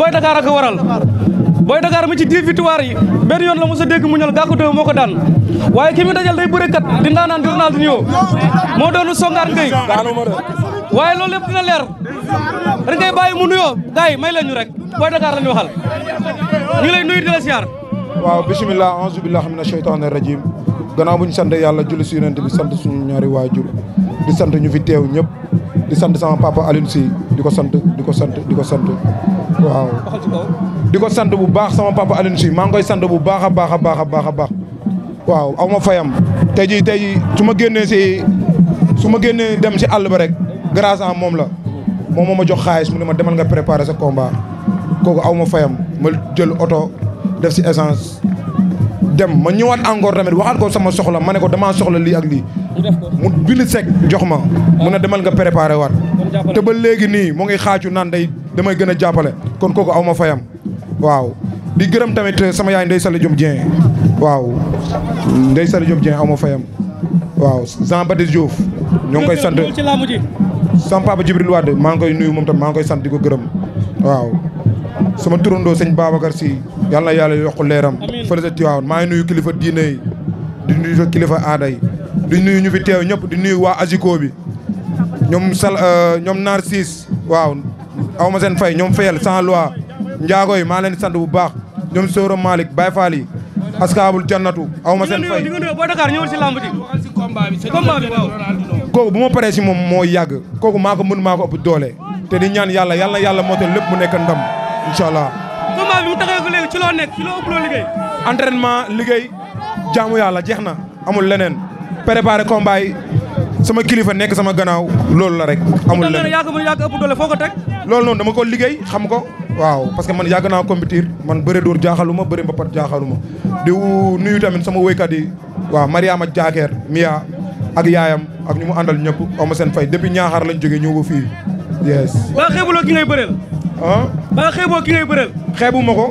Boy Dakar a booy waral Boy mi ci dix victoire yi benn yoon la mos a dégg mu ñal moo ko daan waaye ki mu dajal day bërekat di ndaanaan Ronaldinho moo doonu songaar ngay waaye loolu lépp dina leer dañ mu nuyoo gars yi may leen ñu rek Boy Dakar la ñu waxal ñu ngi lay nuyu di la siyaar waaw bisimilah anzu billahi mina sheytaani rajim gannaaw bu ñu sant yàlla julli si yonent bi sant suñu ñaari waajur di sant ñu fi teew ñëpp di sant sama papa Alioune di ko sant ko sant di ko sant waaw. di ko sant bu baax sama papa Alioune Sy maa ngi koy sant bu baax a baax a baax a a baax waaw aw ma fayam tey jii tey su ma génnee si su ma génnee dem si àll ba rek grâce moom la moom moo ma jox xaalis mu ne ma demal nga préparer sa combat kooku aw ma fayam ma jël oto def si essence. dem ma ñëwaat encore tamit waxaat ko sama soxla ma ne ko damaa soxla lii ak lii mu bind sec jox ma mun a demal nga préparé waat te ba léegi nii moo ngi xaaju naan day damay gën a jàppale kon kooku aw ma fayam waaw di gërëm tamit sama yaay Ndeye Sall Diop Dieng waaw Ndeye Sall Diop Dieng aw fayam waaw Jean Baptiste Diouf ñoo ngi koy sant sama papa Djibril Wade maa ngi koy nuyu moom tam maa ngi koy sant di ko gërëm waaw sama turandoo sëñ Babacar si yàlla na yàlla yokk leeram fële sa maa ngi nuyu kilifa diine yi di nuyu kilifa aada di nuyu ñu fi teew ñëpp di nuyu waa Aziko bi ñoom sal euh, ñoom naar siis waaw aw ma seen fay ñoom fayal sans loi njaago yi maa leen sant bu baax ñoom Soro Malick Baye Fall yi askaabul jannatu aw ma seen fay boo Dakar ñëwal si lamb ji combat bi waaw bu ma paree moom moo yàgg kooku maako ko mën maa ëpp doole te di ñaan yàlla yàlla yàlla moo mootal lépp mu nekk ndam incha allah combat bi mu taxee ko léegi ci loo nekk ci loo liggéey jaamu yàlla jeex na amul leneen préparé sama kilifa nekk sama gannaaw loolu la rek. amul lenn yaa ko mën yaa ko ëpp doole foo ko teg. loolu noonu dama ko liggéey xam ko. waaw parce que man yàgg naa compétir man bëre dóor jaaxaluma bëre mbapat jaaxaluma di nuyu tamit sama woykat yi waaw Mariama Jaakeer Mia ak yaayam ak ñu mu àndal ñëpp ama seen fay depuis ñaaxaar lañ jóge ñëw ba fii yes. ba xeebuloo ki ngay bëreel. ah. ba ki ngay bëreel. xeebu ma ko.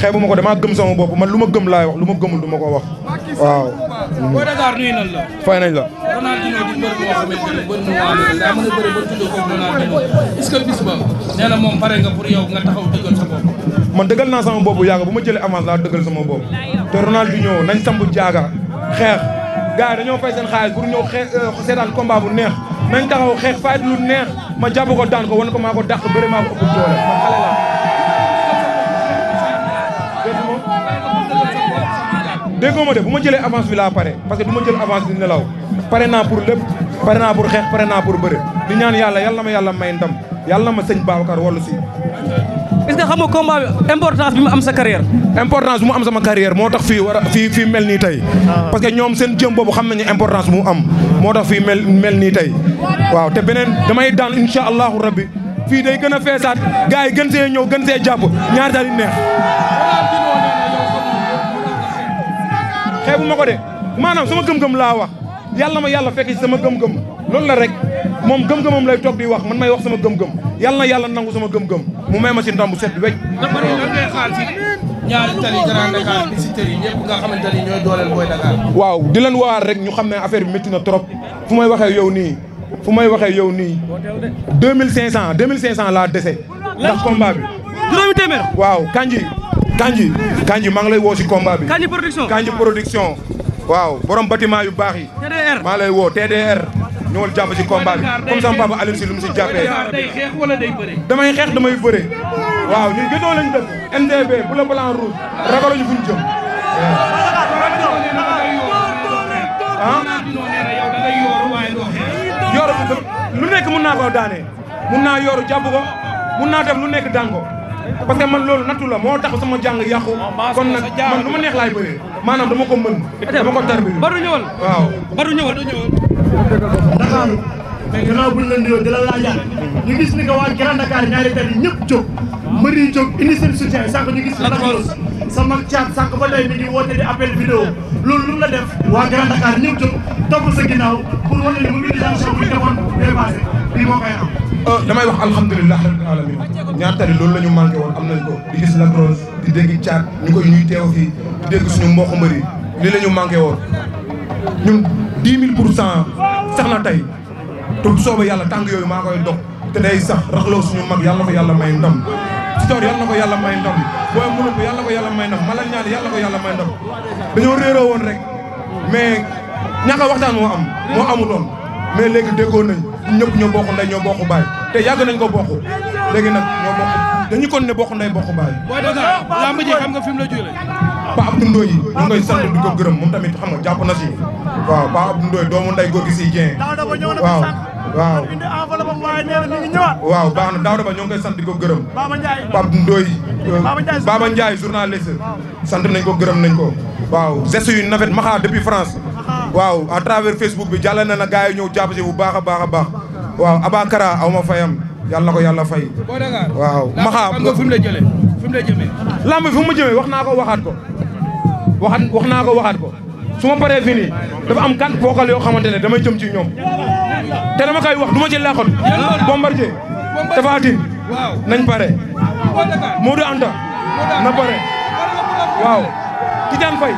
xeebu ma ko damaa gëm sama bopp man lu ma gëm laay wax lu ma gëmul du ma ko wax. Ronaldinho di mbër moo xamante ne mbër a dëggal man dëggal naa sama bopp yaaga bu ma jëlee avance laa dëggal sama bopp te Ronaldinho nañ sambu jaaga xeex gars yi dañoo fay seen xaalis pour ñëw euh, seetaan combat bu neex nañ taxaw xeex fayit lu neex ma jàpp ko daan ko wan ko maa ko dàq bëri maa ko ëpp doole de bu ma jëlee avance bi laa pare parce que du ma jël avance di nelaw pare naa pour lépp pare naa pour xeex pare naa pour bëre di ñaan yàlla yàlla ma yàlla may ndam yàlla na ma sëñ Babacar wallu si. est-ce que xam nga combat bi importance bi mu am sa carrière. importance mu am sama carrière moo tax fii war a fii fii mel nii tey. Ah. parce que ñoom seen jëm boobu xam nañu importance mu am. moo tax fii mel mel nii tey. waaw te beneen damay daan incha allahu rabbi fii day gën a feesaat gars yi gën see ñëw gën see jàpp ñaar daal di neex. xeebu ko de maanaam sama gëm laa wax. yàlla ma yàlla fekk sama gëm-gëm loolu la rek moom gëm-gëmam lay toog di wax man may wax sama gëm-gëm yàlla na yàlla nangu sama gëm-gëm mu may ma si ndam set bi wecc dama ne lan ngay xaar si ñaari tali Grand Dakar bi si tëri ñëpp nga xamante ni ñooy dooleel Boy Dakar waaw di leen waar rek ñu xam ne affaire bi métti na trop fu may waxee yow nii fu may waxee yow nii 2500 2500 laa dese ndax combat bi juróomi téeméer waaw kanji kanji kanji maa ngi lay woo si combat bi kanji production kanji production waaw borom bâtiment yu baax yi. maa lay woo TDR. ñëwal jàpp ci combat bi comme sama papa Alioune si lu mu si jàppee. day xeex damay xeex damay bëre. waaw ñun gëstoo lañ def. MDB bu la plan rouge. ragaluñu fu ah. lu nekk mun naa ko daane. mun naa yoru jàpp ko mun naa def lu nekk daan parce que man loolu nattu la moo tax sama jàng yàqu kon nag man lu ma neex laay bëree maanaam dama ko mën dama ko tarbi Badou ñëwal waaw Badou ñëwal Dakar mais gannaaw buñ la nuyoo di la laajaat ñu ni que waa Grand Dakar ñaari tali ñëpp jóg mëri jóg indi seen soutien sànq ñu gis sama caat sànq ba tey mi di appel vidéo loolu lu mu la def waa Grand Dakar ñëw jóg topp sa ginnaaw pour wane ne mobilisation bi defoon dépassé bii moo koy am. Euh, damay wax alhamdulilah rabbil alamin tari loolu la ñu manqué woon am nañ ko di gis Lac Rose di dégg caat ñu koy ñuy teew fii di dégg suñu mbokk mbër yi lii la ñu manqué woon ñun dix mille pour cent sax na tey te bu soobee yàlla tànk yooyu maa koy dox te day sax raxloo suñu mag yàlla ko yàlla may ndam. Sitor yal na ko yàlla may ndam booy mënu ko yal na ko yàlla may ndam Malal ñaan yal na ko yàlla may ndam dañoo réeroo woon rek mais ñàkk a waxtaan moo am moo amuloon mais léegi déggoo nañ ñëpp ñoo bokk ndey ñoo bokk baay te yàgg nañ ko bokk léegi nag ñoo bokk dañu kon ne bokk ndey bokk baay. waaye dèjà làmb ji xam nga fi mu la jëlee. Pa Abdou Ndoye yi ñu ko gërëm moom tamit xam nga jàpp na si waaw Pa Abdou Ndoye doomu ndey góor gi waaw. waaw indi enveloppe waaw baax na Daouda Ba ñoo ngi koy sant di ko gërëm Baba Ndiaye Pape Ndoye euh, Baba Ndiaye journaliste sant nañ ko gërëm nañ ko waaw geste yu nafet maxaa depuis France waaw à travers Facebook bi jàllale na na gars yi ñëw jàpp bu baax a baax a baax waaw Abakara aw ma fayam yàlla ko yàlla fay waaw maxaa fu mu la jëlee fu mu la fu mu jëmee wax naa ko waxaat ko waxaat wax naa ko waxaat ko su ma paree fii nii dafa am kan bokkal yoo xamante ne damay jëm ci ñoom te dama koy wax du ma ci laaxoon. Bombardier Tapha Tine nañ pare. Modou Anta na pare. waaw Tidiane Faye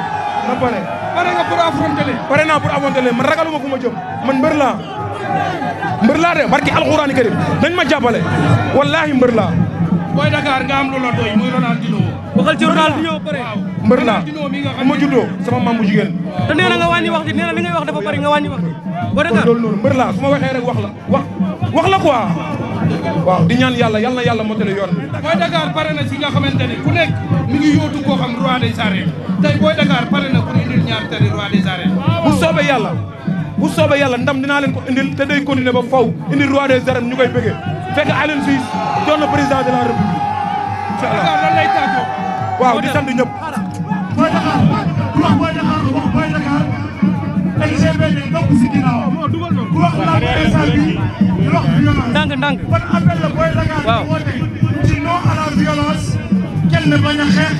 na pare. pare nga pour affronter leen. pare naa pour affronter leen man ragaluma fu ma jëm man mbër laa mbër laa de barki alxuraani karim nañ ma jàppale wallahi mbër laa. booy Dakar nga am lu la doy muy Ronaldinho. waxal ci Ronaldinho bëre. mbër laa bu ma juddoo sama maam bu jigéen. te nee na nga wàññi wax ji nee na li ngay wax dafa bari nga wàññi wax ba Dakar loolu noonu mbër laa su wax la wax wax la quoi waaw di ñaan yalla yal na yàlla motali yoon bi. Boy Dakar pare na ci nga xamante ni ku nekk mi ngi yóotu koo xam roi des arènes tey Boy Dakar pare na ku ñu indil ñaar tari roi des arènes. bu soobee yàlla bu soobee yàlla ndam dinaa leen ko indil te day continuer ba faw indil roi des arènes ñu koy bëggee fekk Alioune Ciss doon na président de la république. incha allah waaw di sant ñëpp. Boy ne topp si la booy la violence kenn bañ a xeex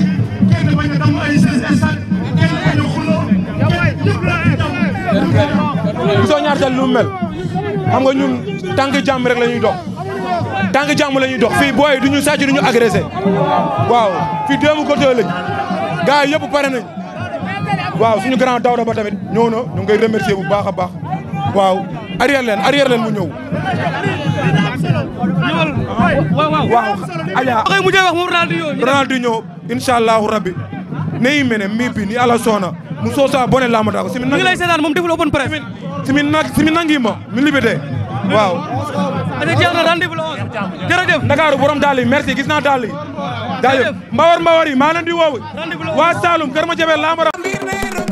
kenn bañ a damm ay ses instant kenn bañ a xuloo kenn ñëpp mel xam nga ñun tànk jàmm rek la ñuy dox tànk jàmm la ñuy dox fii booy duñu sàcc duñu agressé waaw fii déemu côté lañ gars yëpp waaw suñu grand Daouda Ba tamit ñëw na ñu ngi koy bu baax a baax waaw arrière leen arrière leen mu ñëw. waaw waaw waaw. Aliou waxee mujjee wax moom Ronaldinho. Ronaldinho incha allahu rabbi ne yi mene mi bi ni ala soona mu soosa bone lamata ko simi nangi lay seetaan moom deful open press simi mi libété waaw ade na rendez-vous la woon jërëjëf Ndakaaru borom daal yi merci gis naa daal yi daal yi mbawar di woowu waa Saloum kër ma enero.